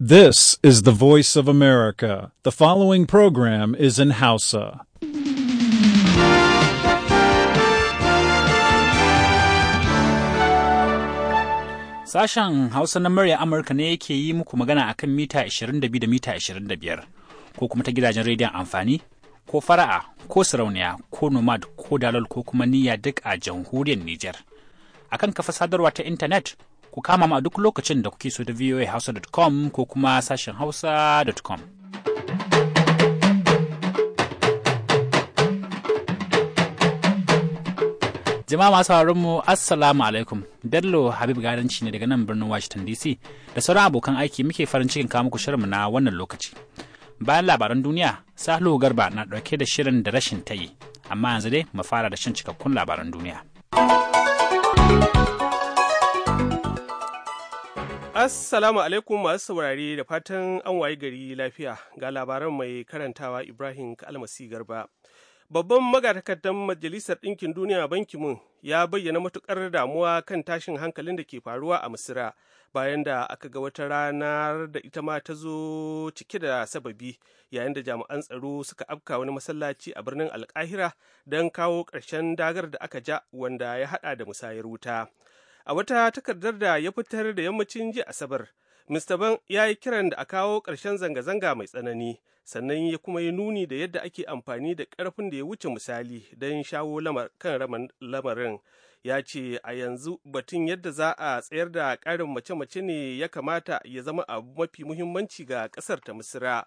This is the voice of America. The following program is in Hausa. Sashen Hausa na murya Amurka ne yake yi muku magana akan mita 22 da mita 25 ko kuma ta gidajen rediyon amfani ko fara'a ko sarauniya ko nomad ko dalol ko kuma niyya duk a jamhuriyar Nijar. Akan kafa sadarwa ta intanet Ku kama a duk lokacin da kuke so da voahausa.com ko kuma sashen hausa.com. Jama'a masu sauraron mu Assalamu alaikum. Bello Habib Garanci ne daga nan birnin Washington DC da sauran abokan aiki muke farin cikin kawo muku shirinmu na wannan lokaci. Bayan labaran duniya, Salihu Garba na ɗauke da shirin da rashin ta yi Amma yanzu dai mu fara da shan cikakkun labaran duniya. Assalamu alaikum masu saurare da fatan an wayi gari lafiya ga labaran mai karantawa Ibrahim Kalmasi Garba. Babban magatakardan Majalisar Ɗinkin Duniya Banki Mun ya bayyana matuƙar damuwa kan tashin hankalin da ke faruwa a Misira bayan da aka ga wata ranar da ita ma ta zo cike da sababi yayin da jami'an tsaro suka afka wani masallaci a birnin Alkahira don kawo ƙarshen dagar da aka ja wanda ya haɗa da musayar wuta. a wata takardar da ya fitar da yammacin ji asabar mr ban ya yi kiran da a kawo ƙarshen zanga-zanga mai tsanani sannan ya kuma yi nuni da yadda ake amfani da ƙarfin da ya wuce misali don shawo kan lamarin ya ce a yanzu batun yadda za a tsayar da ƙarin mace-mace ne ya kamata ya zama abu mafi muhimmanci ga ƙasar ta misira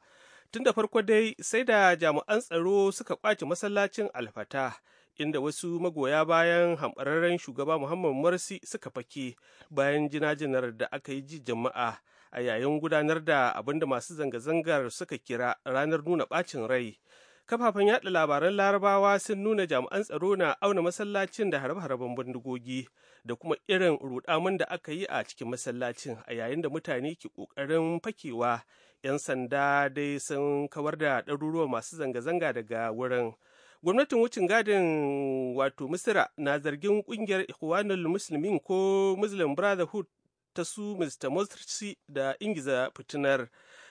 tun da farko dai sai da jami'an tsaro suka kwace masallacin alfata inda wasu magoya bayan hamɓararren shugaba muhammad morsi suka fake bayan jinajinar da aka yi ji jama'a a yayin gudanar da abinda masu zanga-zangar suka kira ranar nuna ɓacin rai kafafen yaɗa labaran larabawa sun nuna jami'an tsaro na auna masallacin da harbe-harben bindigogi da kuma irin rudamun da aka yi a cikin masallacin a yayin da mutane ke ƙoƙarin fakewa 'yan sanda dai sun kawar da ɗaruruwa masu zanga-zanga daga wurin Gwamnatin wucin gadin wato Misira na zargin ƙungiyar Ikhwanul Muslimin ko Muslim Brotherhood ta su Mr. Morsi da ingiza fitinar.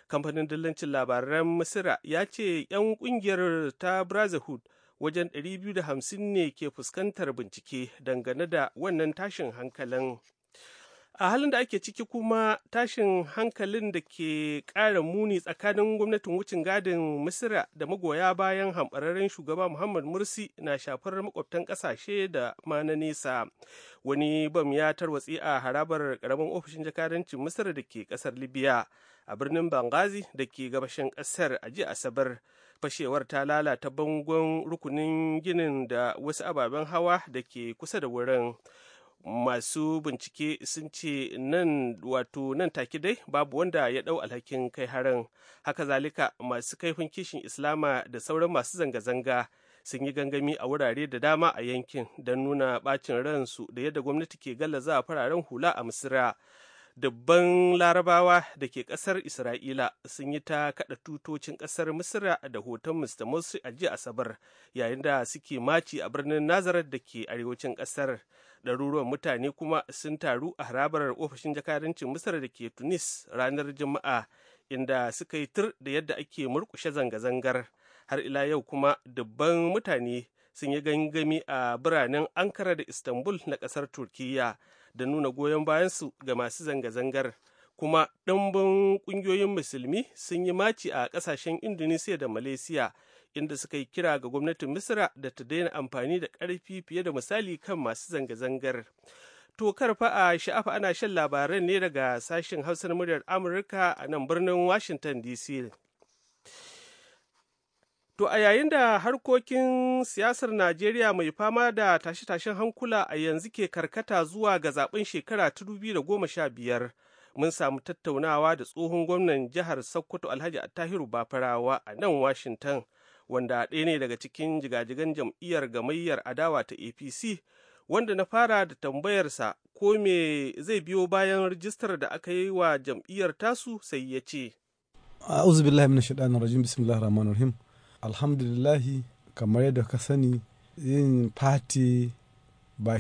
Kamfanin dillancin labaran Misira ya ce 'yan ƙungiyar ta Brotherhood wajen 250 ne ke fuskantar bincike dangane da wannan tashin hankalin. a halin da ake ciki kuma tashin hankalin da ke ƙara muni tsakanin gwamnatin wucin gadin misira da magoya bayan hamɓararren shugaba muhammad mursi na shafar makwabtan ƙasashe da ma na nesa wani bam ya tarwatsi a harabar ƙaramin ofishin jakadancin misir da ke ƙasar libya a birnin bangazi da ke gabashin ƙasar a jiya asabar fashewar ta lalata bangon rukunin ginin da wasu ababen hawa da ke kusa da wurin masu bincike sun ce nan wato nan take dai babu wanda ya dau alhakin kai harin haka zalika masu kaifin kishin islama da sauran masu zanga-zanga sun yi gangami a wurare da dama a yankin don nuna bacin ransu da yadda gwamnati ke gallaza fararen hula a misira dubban larabawa da ke kasar isra'ila sun yi ta kada tutocin kasar misira da hoton mr morsi a asabar yayin da suke maci a birnin nazarar da ke arewacin kasar ɗaruruwan mutane kuma sun taru a harabar ofishin jakarancin misar da ke tunis ranar juma'a inda suka yi tur da yadda ake murkushe zanga-zangar har ila yau kuma dubban mutane sun yi gangami a biranen ankara da istanbul na ƙasar Turkiyya, da nuna goyon bayansu ga masu zanga-zangar kuma ɗumbin ƙungiyoyin musulmi sun yi maci a ƙasashen indonesiya da malaysia inda suka yi kira ga gwamnatin Misira da ta daina amfani da ƙarfi fiye da misali kan masu zanga-zangar to karfa a sha'afa ana shan labaran ne daga sashen hausar muryar amurka a nan birnin washington dc To a yayin da harkokin siyasar Najeriya mai fama da tashe-tashen hankula a yanzu ke karkata zuwa ga zaben shekara ta sha biyar, mun samu tattaunawa da tsohon gwamnan jihar Sokoto Alhaji Attahiru Bafarawa a nan Washington wanda ɗaya ne daga cikin jigajigan jam'iyyar gamayyar adawa ta apc wanda na fara da tambayarsa ko me zai biyo bayan rijistar da aka yi wa jam'iyyar tasu sai ya ce a'udhu kamar yadda ka sani yin fati ba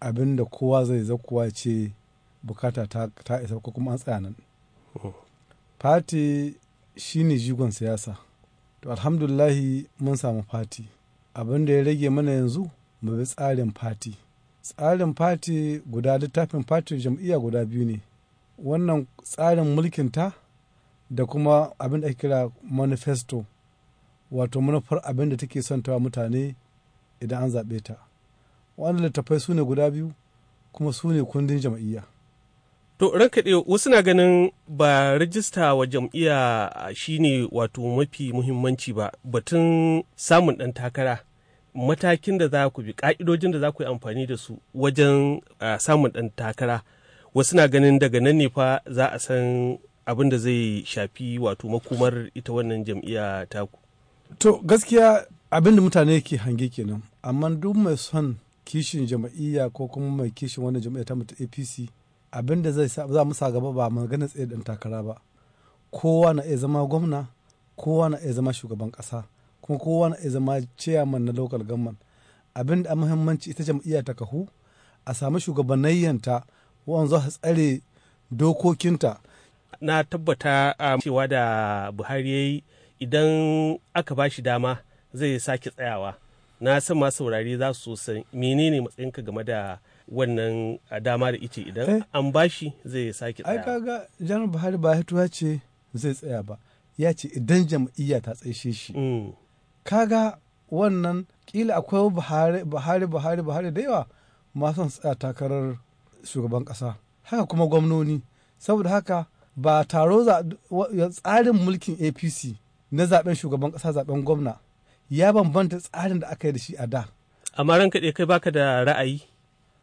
abin da kowa zai zakuwa ce bukata ta, isa ko kuma an tsaya nan oh. fati shi ne jigon siyasa to alhamdulahi mun samu fati abin da ya rage mana yanzu mu bi tsarin fati tsarin fati guda littafin fati jam'iyya guda biyu ne wannan tsarin ta da kuma abin da kira manifesto wato manufar abin da take son tawa mutane idan an zaɓe ta wanda littafai su ne guda biyu kuma su ne kundin jam'iyya To ranka ɗaya wasu na ganin ba rajista wa jam'iyya shine wato mafi muhimmanci ba batun samun ɗan takara matakin da za ku bi ƙa'idojin da za ku yi amfani da su wajen samun ɗan takara wasu na ganin daga nan ne fa za a san abin da zai shafi wato makomar ita wannan jam'iyya taku. To gaskiya abin da mutane ke hange kenan amma duk mai son kishin jam'iyya ko kuma mai kishin wannan jam'iyya ta APC abin da zai za mu sa gaba ba magana tsaye ɗan takara ba kowa na iya zama gwamna kowa na iya zama shugaban ƙasa kuma kowa na iya zama ciyaman na local government abin da muhimmanci ita jam'iyya ta kahu a samu shugabannayyanta wanda za su tsare dokokinta na tabbata a ah, cewa da buhari ya idan aka ba shi dama zai sake tsayawa na san masu saurari za su san menene matsayinka game da wannan dama da ice idan eh. an bashi zai sake tsaya. Ai kaga Janar Buhari ba ya ce zai tsaya ba. Ya ce idan jam'iyya ta tsaishe shi. Mm. Kaga wannan kila akwai Buhari Buhari Buhari Buhari da yawa masu tsaya takarar shugaban kasa. Haka kuma gwamnoni. Saboda haka ba taro tsarin mulkin APC na zaben shugaban kasa zaben gwamna ya bambanta tsarin da aka yi da shi a da. Amma ranka kai baka da ra'ayi.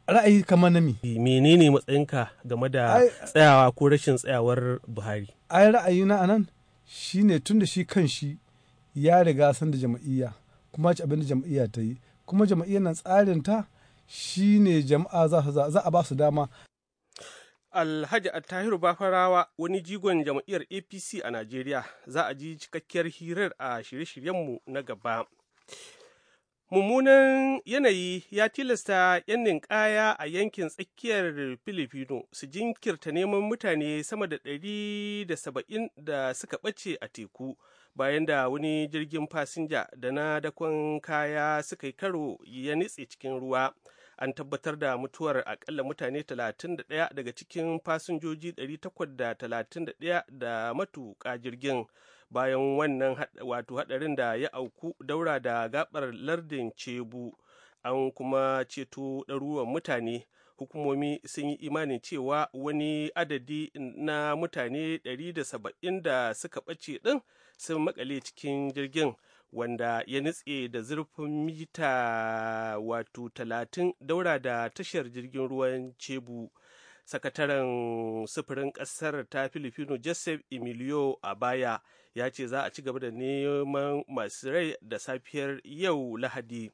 ra'ayi kamar na mi. Menene matsayinka game da tsayawa ko rashin tsayawar Buhari? Ai ra'ayi na anan shi ne tun da shi kan shi ya riga san da jam'iyya kuma ci abin da jam'iyya ta yi kuma jam'iyyar nan tsarin ta shi ne jama'a za a ba su dama. Alhaji Attahiru Bafarawa wani jigon jam'iyyar APC a Najeriya za a ji cikakkiyar hirar a shirye-shiryenmu na gaba. mummunan yanayi ya tilasta 'yan ninkaya a yankin tsakiyar filifino su jinkirta neman mutane sama da 170 da suka ɓace a teku bayan da wani jirgin fasinja da na dakon kaya suka yi karo ya nitse cikin ruwa an tabbatar da mutuwar akalla mutane 31 daga cikin fasinjoji 831 da matuƙa jirgin bayan wannan wato hadarin da ya auku daura da gabar lardin cebu an kuma ceto ɗaruruwan mutane hukumomi sun yi imanin cewa wani adadi na mutane 170 da suka ɓace ɗin sun makale cikin jirgin wanda ya nitse da zurfin mita wato 30 daura da tashar jirgin ruwan cebu sakataren sufurin ƙasar ta filifino joseph emilio a baya ya ce za a ci gaba da neman masu rai da safiyar yau lahadi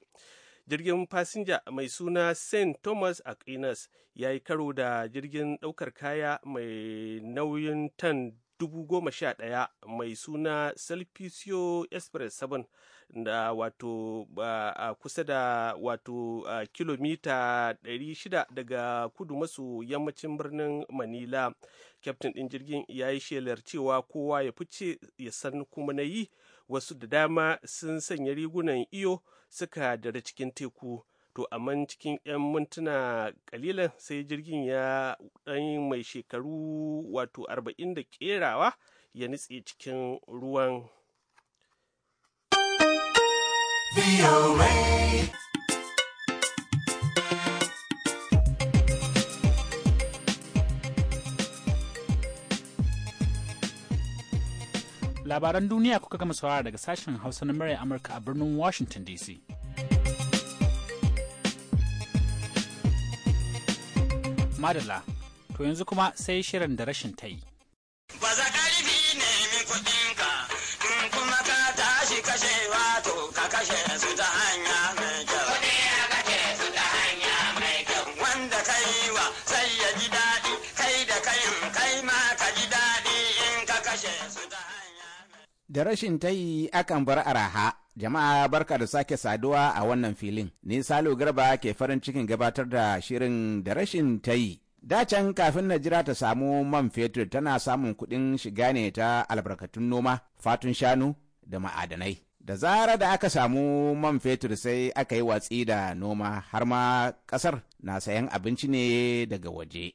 jirgin fasinja mai suna st thomas aquinas ya yi karo da jirgin daukar kaya mai nauyin tan 11,000 mai suna sulpicio express 7 da wato a kusa da wato kilomita 600 daga kudu maso yammacin birnin manila captain ɗin jirgin ya yi shelar cewa kowa ya fice ya san kuma na yi wasu da dama sun sanya rigunan iyo suka dare cikin teku to amma cikin 'yan mintuna kalilan sai jirgin ya ɗan mai shekaru wato 40 da kerawa ya nitse cikin ruwan Labaran duniya kuka gama saurara daga sashen Hausa na murya Amurka a birnin Washington DC. Madala, to yanzu kuma sai shirin da rashin ta yi. Da rashin tayi akan bar araha. Jama'a barka da sake saduwa a wannan filin. Ni Salo Garba ke farin cikin gabatar da shirin da rashin tayi. Dacen kafin Najira ta samu man fetur tana samun kuɗin shiga ne ta albarkatun noma, fatun shanu da ma'adanai. Da zara da aka samu man fetur sai aka yi watsi da noma har ma ƙasar na sayan abinci ne daga waje.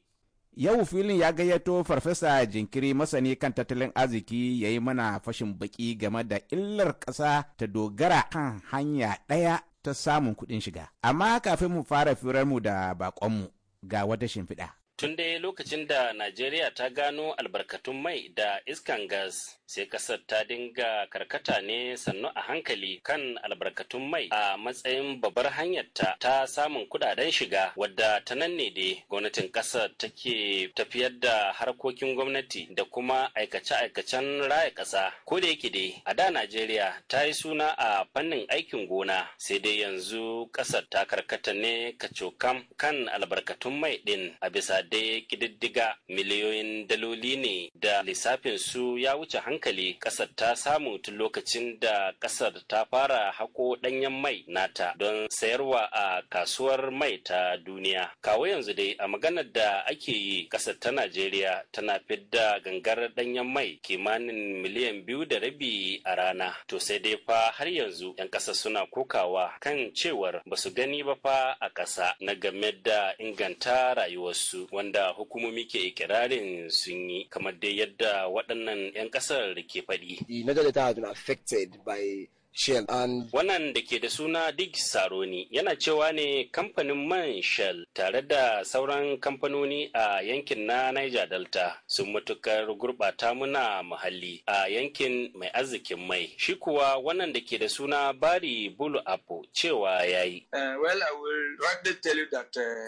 Yau filin ya gayyato Farfesa Jinkiri masani kan tattalin arziki ya yi mana fashin baki game da illar ƙasa ta dogara kan hanya ɗaya ta samun kuɗin shiga. Amma kafin mu fara mu da baƙonmu ga wata shimfiɗa. Tun dai lokacin da Najeriya ta gano albarkatun mai da iskan gas sai kasar ta dinga karkata ne sannu a hankali kan albarkatun mai a matsayin babbar hanyarta ta samun kudaden shiga wadda ta nan ne dai gwamnatin kasar take tafiyar da harkokin gwamnati da kuma aikace-aikacen raya kasa ko da yake dai a da najeriya ta yi suna a fannin aikin gona sai dai yanzu kasar ta karkata ne kacokam kan albarkatun mai din a bisa dai kididdiga miliyoyin daloli ne da lissafin su ya wuce hankali hankali ƙasar ta samu tun lokacin da ƙasar ta fara hako danyen mai nata don sayarwa a kasuwar mai ta duniya. Kawo yanzu dai a maganar da ake yi ƙasar ta Najeriya tana fidda gangar danyen mai kimanin miliyan biyu da rabi a rana. To sai dai fa har yanzu 'yan ƙasa suna kokawa kan cewar ba su gani ba fa a ƙasa na game da inganta rayuwarsu wanda hukumomi ke ikirarin sun yi kamar dai yadda waɗannan 'yan ƙasar The Nadal that has been affected by Shell and Wannan da ke da suna Dig Saroni yana cewa ne kamfanin man Shell tare da sauran kamfanoni a yankin na Niger Delta sun matukar gurɓata muna muhalli a yankin mai arzikin mai. Shi kuwa wannan da ke da suna Bari Bulu Apo cewa ya yi. Eh, eh,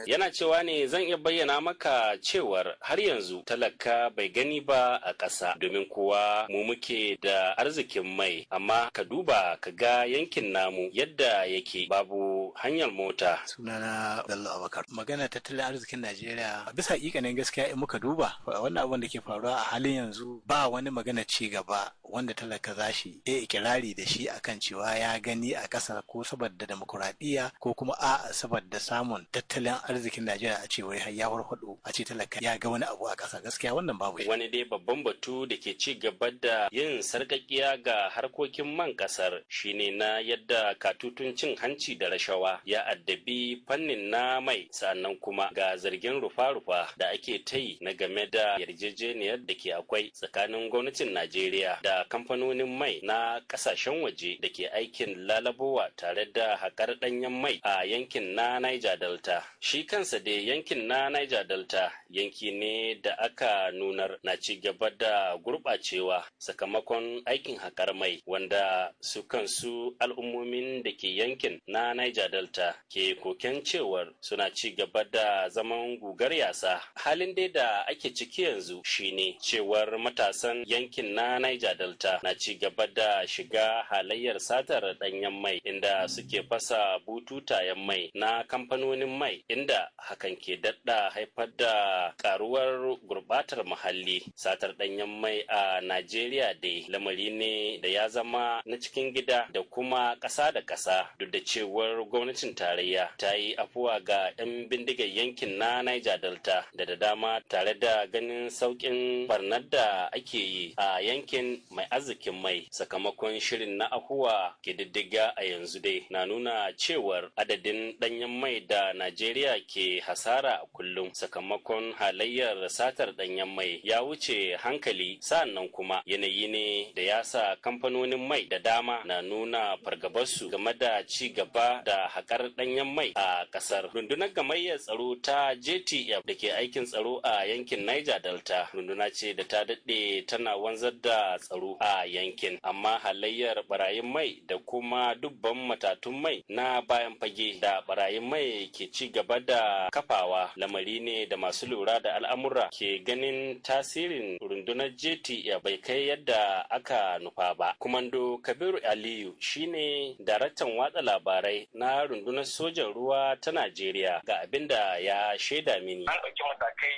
yana cewa ne zan iya bayyana maka cewar har yanzu talaka bai gani ba a ƙasa domin kuwa mu muke da arzikin mai amma ka duba ka ga yankin namu yadda yake babu hanyar mota. Sunana Bello Abakar. Magana tattalin arzikin Najeriya bisa ikanin gaskiya in muka duba wannan abin da ke faruwa a halin yanzu ba wani magana ci gaba wanda talaka za shi ya ikirari da shi akan cewa ya gani a ƙasa ko saboda demokuraɗiyya ko kuma a saboda samun tattalin arzikin Najeriya a har ya warhaɗo a ce talaka ya ga wani abu a ƙasa gaskiya wannan babu Wani dai babban batu da ke ci gaba da yin sarƙaƙiya ga harkokin man ƙasar shine na yadda katutun cin hanci da rashawa ya addabi fannin na mai sannan kuma ga zargin rufa-rufa da ake ta yi na game da yarjejeniyar da ke akwai tsakanin gwamnatin Najeriya da kamfanonin mai na kasashen waje da ke aikin lalabowa tare da haƙar ɗanyen mai a yankin na naija Delta. Shi kansa dai yankin na naija Delta yanki ne da aka nunar na ci gaba da gurɓacewa sakamakon aikin haƙar mai wanda suka dukansu al'ummomin da ke yankin na Niger Delta ke koken cewar suna ci gaba da zaman gugar yasa. Halin dai da ake ciki yanzu shine cewar matasan yankin na Niger Delta na ci gaba da shiga halayyar satar ɗanyen mai inda suke fasa bututayen mai na kamfanonin mai inda hakan ke dadda haifar da karuwar gurbatar muhalli satar ɗanyen mai a Najeriya dai lamari ne da ya zama na cikin gida gida da kuma ƙasa da ƙasa duk da cewar gwamnatin tarayya ta yi afuwa ga 'yan bindigar yankin na Niger Delta da da dama tare da ganin sauƙin barnar da ake yi a yankin mai arzikin mai sakamakon shirin na afuwa ke diddiga a yanzu dai na nuna cewar adadin ɗanyen mai da Najeriya ke hasara a kullum sakamakon halayyar satar ɗanyen mai ya wuce hankali sannan kuma yanayi ne da ya sa kamfanonin mai da dama na na nuna fargabarsu game da ci gaba da haƙar ɗanyen mai a ƙasar. Rundunar gamayyar tsaro ta JTF da ke aikin tsaro a yankin Niger Delta runduna ce da ta daɗe tana wanzar da tsaro a yankin. Amma halayyar barayin mai da kuma dubban matatun mai na bayan fage da barayin mai ke ci gaba da kafawa lamari ne da masu lura da al'amura ke ganin tasirin rundunar JTF bai kai yadda aka nufa ba. Kumando Kabiru Aliyu shine daraktan watsa labarai na rundunar sojan ruwa ta Najeriya ga abin da ya shaida mini. An ɗauki matakai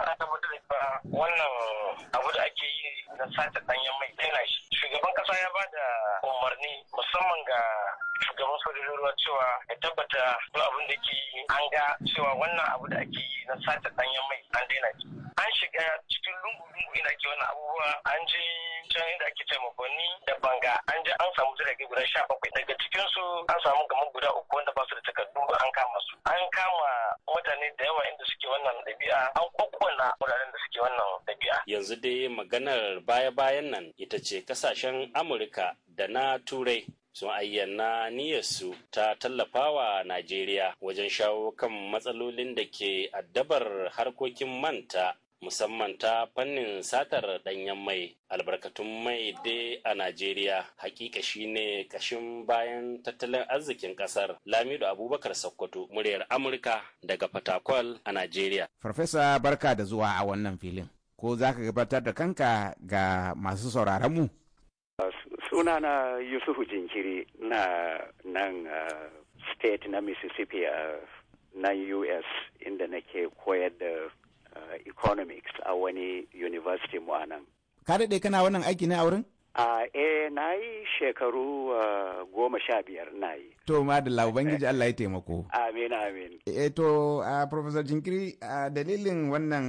ana tabbatar da wannan abu da ake yi na sace danyen mai daina shi shugaban kasa ya bada umarni musamman ga shugaban sojojin ruwa cewa ya tabbata duk abin da ke an ga cewa wannan abu da ake yi na sace danyen mai an daina shi an shiga cikin lungu-lungu inda ake wannan abubuwa an je can inda ake taimakonni da banga an je an samu jirage guda sha bakwai daga cikinsu an samu yanzu dai maganar baya-bayan nan ita ce kasashen amurka da na turai sun ayyana niyyarsu ta tallafawa najeriya wajen shawo kan matsalolin da ke addabar harkokin manta musamman ta fannin satar danyen mai albarkatun mai dai a najeriya hakika shine kashin bayan tattalin arzikin kasar lamido abubakar sokoto muryar amurka daga fatakwal a najeriya farfesa barka da zuwa a wannan filin ko za ka gabatar da kanka ga masu sauraronmu? Uh, sunana yusufu jinkiri na nan uh, state na mississippi a uh, us inda nake koyar da uh, economics a wani university mu anan ka daɗe kana wannan aiki ne a wurin? a eh na yi shekaru eh, goma sha biyar na yi to madalla ubangiji allah ya taimako amin amin eh to a professor jinkiri a dalilin wannan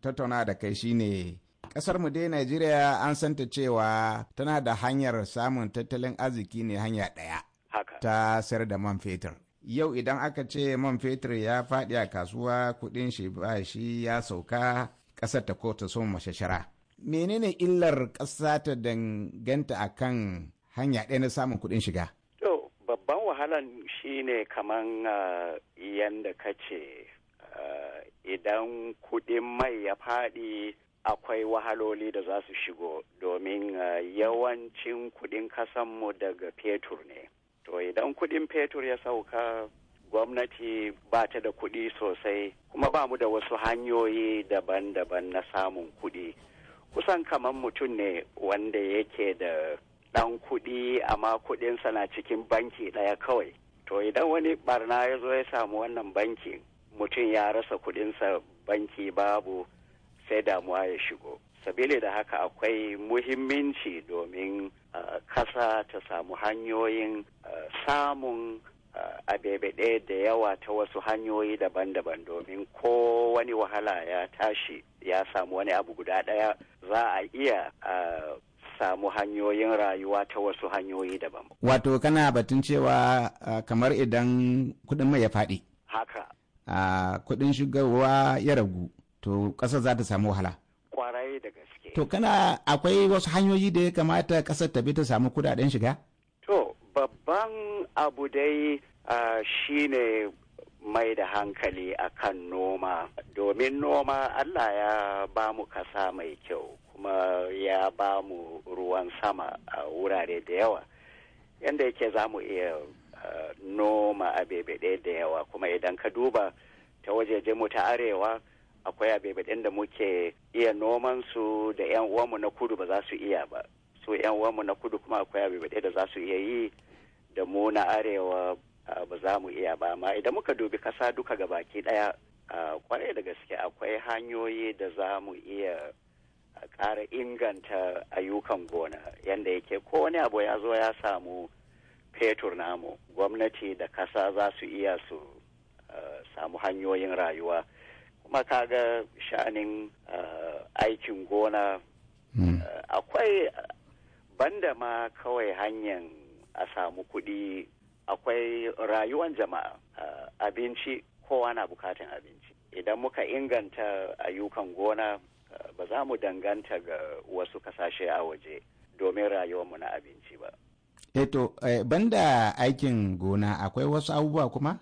tattauna da kai shine kasar mu dai nigeria an san ta cewa tana da hanyar samun tattalin arziki ne hanya ɗaya ta sayar da man fetur. Yau idan aka ce man fetur ya faɗi a kasuwa kudin shi ba shi ya sauka ƙasar ta ko ta mashashara. menene illar ƙasa ta danganta a kan hanya ɗaya na samun kuɗin shiga? To, babban wahalan shi ne kaman ah, yadda ka ce ah, idan kuɗin mai ya faɗi akwai wahaloli da za su shigo domin ah, yawancin kuɗin kasanmu daga fetur ne. To, idan kuɗin fetur ya sauka gwamnati ba ta da kuɗi sosai kuma ba mu da wasu hanyoyi daban-daban na samun kuɗi. kusan kamar mutum ne wanda yake da ɗan kuɗi amma kuɗinsa na cikin banki ɗaya kawai to idan wani barna ya zo ya samu wannan banki mutum ya rasa kuɗinsa banki babu sai damuwa ya shigo sabili da haka akwai muhimmanci domin kasa ah, ta samu hanyoyin ah, samun a ɗaya da yawa ta wasu hanyoyi daban-daban domin ko wani wahala ya tashi ya samu wani abu guda daya za a iya samu hanyoyin rayuwa ta wasu hanyoyi daban. Wato kana batun cewa kamar idan kuɗin mai ya faɗi. Haka. A kuɗin shigarwa ya ragu to ƙasa za ta samu wahala. Kwarai da gaske. To kana akwai wasu hanyoyi da ya kamata ƙasar ta bi ta samu kuɗaɗen shiga? babban abu dai shine mai da hankali a kan noma domin noma allah ya ba mu kasa mai kyau kuma ya ba mu ruwan sama a wurare da yawa yadda yake za mu iya noma noma abebede da yawa kuma idan ka duba ta wajeje mu ta arewa akwai abebeden da muke iya noman su da 'yan uwanmu na kudu ba za su iya ba su 'yan uwanmu na kudu kuma akwai abebede da za su iya yi da mu na arewa ba za mu iya ba ma idan muka dubi kasa duka ga baki daya kwarai da gaske akwai hanyoyi da za mu iya ƙara inganta ayyukan gona yadda yake kowane abu ya zo ya samu fetur namu gwamnati da kasa za su iya su samu hanyoyin rayuwa kuma kaga sha'anin aikin gona hmm. akwai banda ma kawai hanyar a samu kuɗi akwai rayuwan jama'a abinci kowa na bukatan abinci idan muka inganta ayyukan gona ba za mu danganta ga wasu kasashe a waje domin rayuwarmu na abinci ba eto eh eh, banda aikin gona akwai wasu abubuwa kuma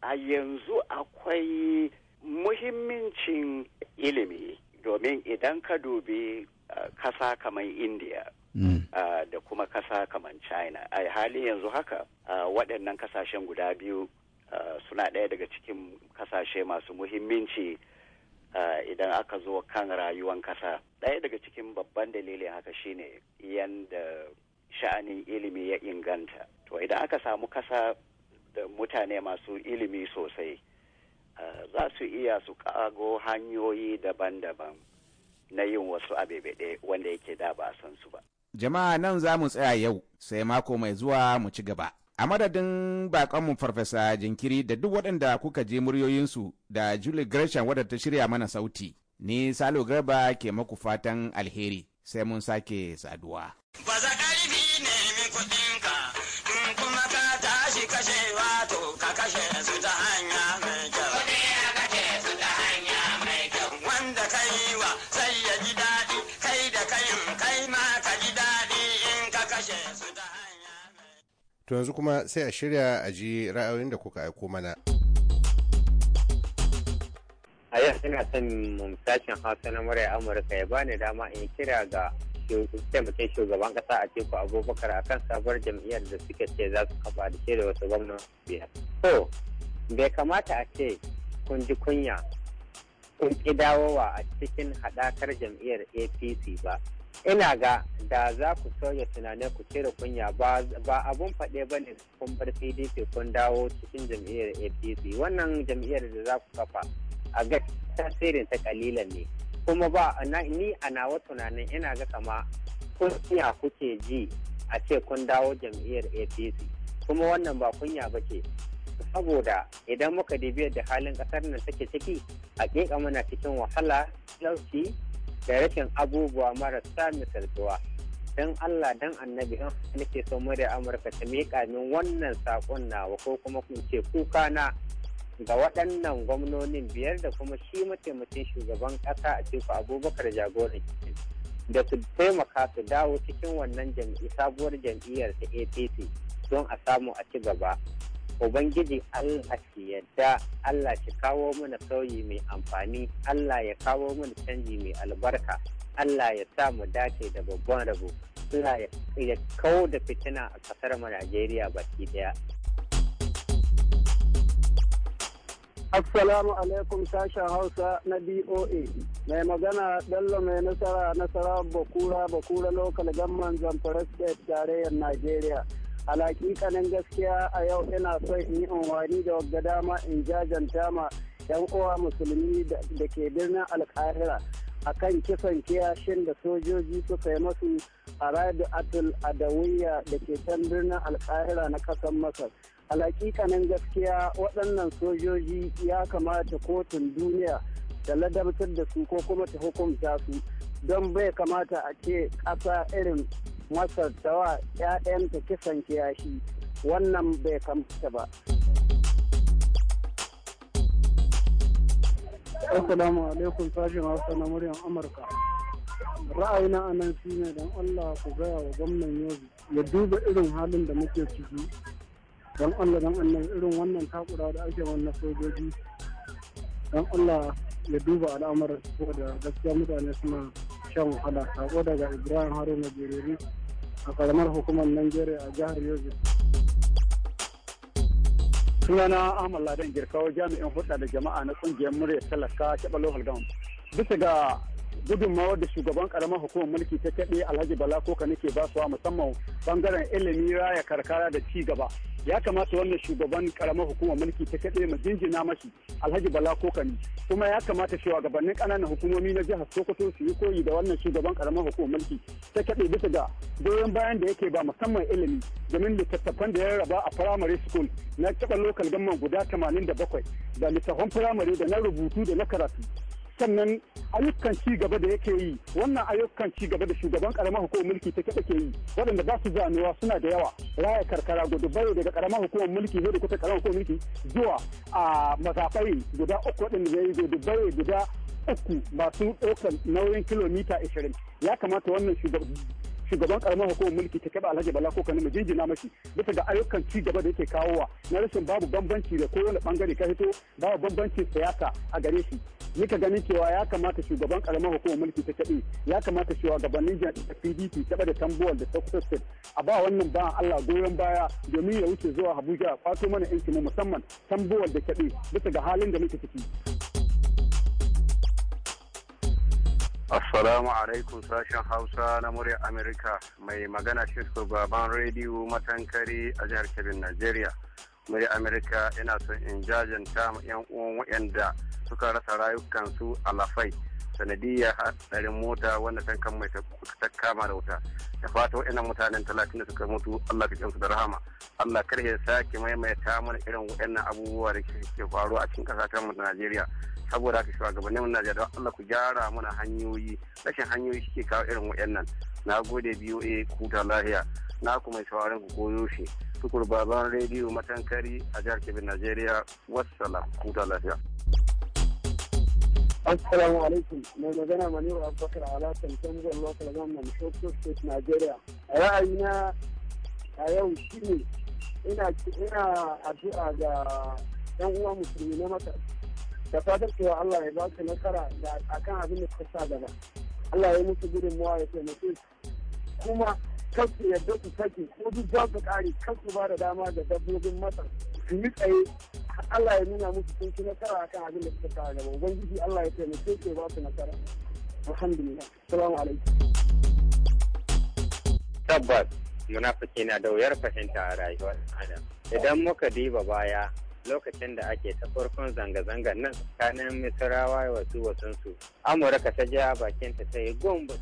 a yanzu akwai muhimmancin ilimi domin idan ka dubi kasa kamar india Ah, da kuma kasa kamar china a halin yanzu haka ah, waɗannan kasashen guda biyu ah, suna ɗaya daga cikin kasashe masu muhimmanci idan aka zo kan rayuwan kasa ɗaya daga cikin babban dalilin haka shine yadda sha'anin ilimi ya inganta to idan aka samu kasa da mutane masu ilimi sosai za su iya su kago hanyoyi daban-daban na yin wasu abebe wanda yake da ba san su ba Jama'a nan za mu tsaya yau sai mako mai zuwa mu ci gaba. A madadin bakonmu Farfesa Jinkiri da duk waɗanda kuka je muryoyinsu da Julie Gresham wadda ta shirya mana sauti. Ni Salo Garba ke maku fatan alheri sai mun sake saduwa. To yanzu kuma sai a shirya a ji ra'ayoyin da kuka aiko mana. A yau ina son mumtashin Hausa na murya Amurka ya bani dama in kira ga taimakon shugaban kasa a teku abubakar a kan sabuwar jam'iyyar da suke ce za su kafa da ke da wasu gwamnati biyar. To, bai kamata a ce kun ji kunya kun ƙi dawowa a cikin haɗakar jam'iyyar APC ba. ina ga da za ku sauya tunanin ku cire kunya ba abun faɗe ba ne kun bar pdp kun dawo cikin jam'iyyar apc wannan jam'iyyar da za ku kafa a ga tasirin ta kalilan ne kuma ba ni a nawa tunanin ina ga kama kunya kuke ji a ce kun dawo jam'iyyar apc kuma wannan ba kunya ba ce saboda idan muka dibiyar da halin ƙasar nan take ciki a muna cikin wahala talauci da rashin abubuwa marasa misaltuwa don Allah don annabi don nake son murya Amurka ta miƙa min wannan saƙon nawa ko kuma kun ce kuka na ga waɗannan gwamnonin biyar da kuma shi mataimakin shugaban ƙasa a cikin abubakar jagoran da su taimaka su dawo cikin wannan sabuwar jam'iyyar ta apc don a samu a ci gaba Ubangiji Allah ki yadda Allah ki kawo mana sauyi mai amfani, Allah ya kawo mana canji mai albarka, Allah ya sa mu dace da babban rabo, Allah ya kawo da fitina a kasar mu Najeriya baki daya. Assalamu alaikum sashen Hausa na BOA. Mai magana Bello mai nasara nasara Bakura Bakura Local Gamman Zamfara State tarayyar Najeriya. alaƙiƙanin gaskiya a yau ina so in yi unwani da wadda dama in jajanta ma yan uwa musulmi da ke birnin alkahira a kan kisan kiyashin da sojoji suka yi masu a radu atul adawiyya da ke can birnin alkahira na ƙasar masar alaƙiƙanin gaskiya waɗannan sojoji ya kamata kotun duniya da ladabtar da su ko kuma ta hukunta su don bai kamata a ce ƙasa irin masar tawa 'ya'yanta kisan kiyashi wannan bai kamta ba. Assalamu alaikum sashen Hausa na muryan Amurka. Ra'ayina a nan shi ne don Allah ku gaya wa gwamnan yau ya duba irin halin da muke ciki. Don Allah don annan irin wannan takura da ake wannan sojoji. Don Allah ya duba al'amarin saboda gaskiya mutane suna shan wahala. Sako daga Ibrahim Haruna Jerere. a karamar hukumar Najeriya a jihar Yobe. Sunana Ahmad Ladan Girkawo jami'in hulɗa da jama'a na ƙungiyar murya talaka taɓa local government. Bisa ga gudunmawa da shugaban karamar hukumar mulki ta kaɗe Alhaji Bala Koka nake basuwa musamman bangaren ilimi raya karkara da ci gaba. ya kamata wannan shugaban karamar hukumar mulki ta kaɗe ma jinjina mashi alhaji bala kokani kuma ya kamata gabanin ƙananan hukumomi na jihar sokoto su yi koyi da wannan shugaban karamar hukumar mulki ta kaɗe bisa ga goyon bayan da yake ba musamman ilimi domin littattafan da ya raba a firamare school na taɓa lokal gamman guda 87 da littattafan firamare da na rubutu da na karatu sannan ayyukan ci gaba da yake yi wannan ayyukan ci gaba da shugaban karamar hukumar mulki take take yi waɗanda ba su zanewa suna da yawa raya karkara gudu bai daga karamar hukumar mulki zai da kuta karamar hukumar mulki zuwa a mazafai guda uku waɗanda zai yi gudu bai guda uku masu ɗaukar nauyin kilomita 20 ya kamata wannan shugaban shugaban karamar hukumar mulki ta kaba alhaji bala ko kanu mu jinjina mashi bisa ga ayyukan ci gaba da yake kawowa na rashin babu bambanci da wani bangare ka hito babu bambancin siyasa a gare shi ni ka ganin cewa ya kamata shugaban karamar hukumar mulki ta kabe ya kamata gabanin jami'a PDP taɓa da tambuwal da kusa State a ba wannan ba Allah goyon baya domin ya wuce zuwa Abuja kwato mana yanki mu musamman tambuwar da kabe bisa ga halin da muke ciki Assalamu alaikum sashen Hausa na murya Amerika mai magana shi gaban rediyo matankari a jihar Kebbi, Najeriya. Murya Amerika ina son in jajanta 'yan uwan waɗanda suka rasa rayukansu a lafai. sanadiyya hatsarin mota wanda tankan mai ta kama da wuta da fata waɗannan mutanen talatin da suka mutu Allah ka kyansu da rahama Allah kar ya sake maimaita mana irin waɗannan abubuwa da ke faruwa a cikin ta mu Najeriya saboda haka shugabannin mu Najeriya don Allah ku gyara mana hanyoyi rashin hanyoyi suke kawo irin waɗannan na gode BOA kuta lahiya na mai shawarin ku koyo shi tukur baban rediyo matankari a jihar Kebbi Najeriya wassalam kuta lahiya. Assalamu alaikum mai magana Maniru Abubakar Alhassan Tanzan Local Government Sokoto State Nigeria. Ra'ayina a yau shine ina ina addu'a ga yan uwa musulmi na mata da fatan cewa Allah ya ba su nasara da akan abin da suka sa gaba. Allah ya musu gudunmawa ya taimake su kuma kar su yadda su sake ko duk za su kare kar su ba da dama ga dabbobin mata su yi tsaye Allah ya nuna musu sun ci nasara kan abin da suka da gaba ubangiji Allah ya taimake su ba su nasara alhamdulillah salamu alaikum tabbas munafiki na da wuyar fahimta a rayuwar adam idan muka diba baya lokacin da ake ta farkon zanga zanga nan tsakanin misirawa wasu wasansu amurka ta ja bakinta ta yi gumbu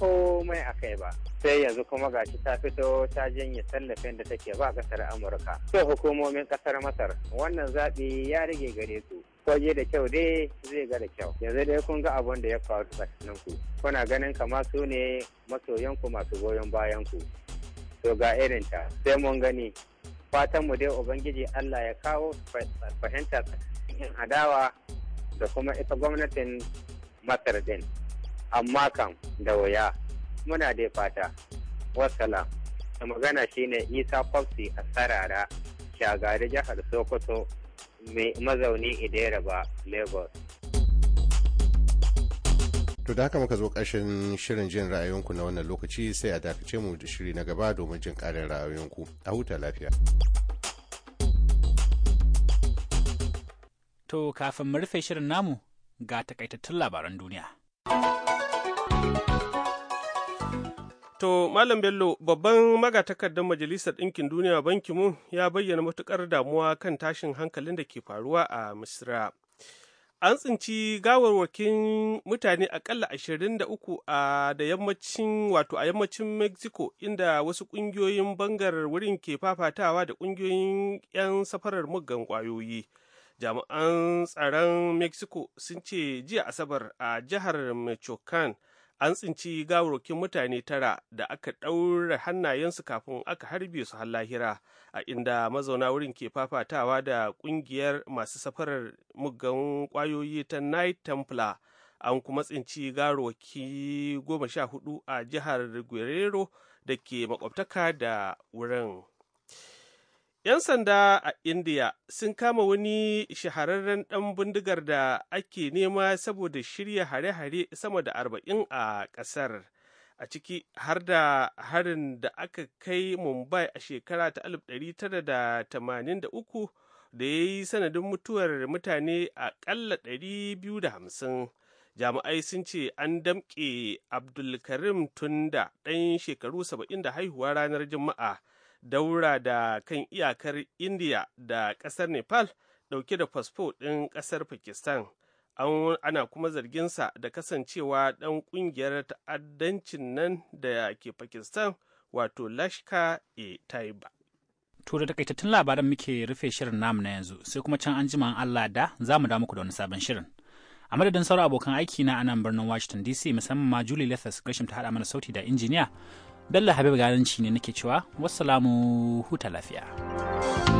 komai a kai ba sai yanzu kuma gashi ta fito ta janye tallafin da take ba kasar amurka to hukumomin kasar masar wannan zaɓi ya rage gare su kwaje da kyau dai zai ga da kyau yanzu dai kun ga abun da ya faru tsakanin ku kuna ganin kama su ne masoyanku masu goyon bayan ku to ga irinta sai mun gani fatan mu dai ubangiji allah ya kawo fahimta tsakanin adawa da kuma ita gwamnatin masar din amma kam da waya muna dai fata wasala da magana shine isa kwafsi a sarara shagari jihar sokoto mai mazauni idera ba lagos to da haka muka zo ƙarshen shirin jin ra'ayinku na wannan lokaci sai a dakace mu da shiri na gaba domin jin ƙarin ra'ayinku a huta lafiya to kafin mu rufe shirin namu ga takaitattun labaran duniya To, Malam Bello, babban magatakardar Majalisar Ɗinkin Duniya banki mu ya bayyana matuƙar damuwa kan tashin hankalin da ke faruwa a Misira. An tsinci gawarwakin mutane aƙalla ashirin da uku a da yammacin wato a yammacin Mexico inda wasu ƙungiyoyin bangar wurin ke fafatawa da ƙungiyoyin 'yan safarar muggan ƙwayoyi. Jami'an tsaron Mexico sun ce jiya Asabar a jihar Michoacan. an tsinci gawarwakin mutane tara da aka ɗaure hannayensu kafin aka harbe su lahira a inda mazauna wurin ke fafatawa da ƙungiyar masu safarar muggan ƙwayoyi ta night templar an kuma tsinci gawarwaki goma sha hudu a jihar guerrero da ke makwabtaka da wurin ‘Yan sanda a Indiya sun kama wani shahararren ɗan bindigar da ake nema saboda shirya hare-hare sama da arba'in a ƙasar, a ciki har da harin da aka kai Mumbai a shekara ta 1983 da ya yi sanadin mutuwar mutane aƙalla 250. Jami'ai sun ce an damƙe Abdulkarim Tunda ɗan shekaru 70 da haihuwa ranar Juma'a. daura da kan iyakar india da kasar nepal dauke da fasfo ɗin kasar pakistan ana kuma zarginsa da kasancewa ɗan ƙungiyar ta'addancin nan da ke pakistan wato lashka e taiba to da takaitattun labaran muke rufe shirin namu na yanzu sai kuma can an jima allah da za mu da da wani sabon shirin a madadin sauran abokan aiki na anan birnin washington dc musamman ma julie lethas gashin ta hada mana sauti da injiniya Bello Habib Garanci ne nake cewa wassalamu huta lafiya.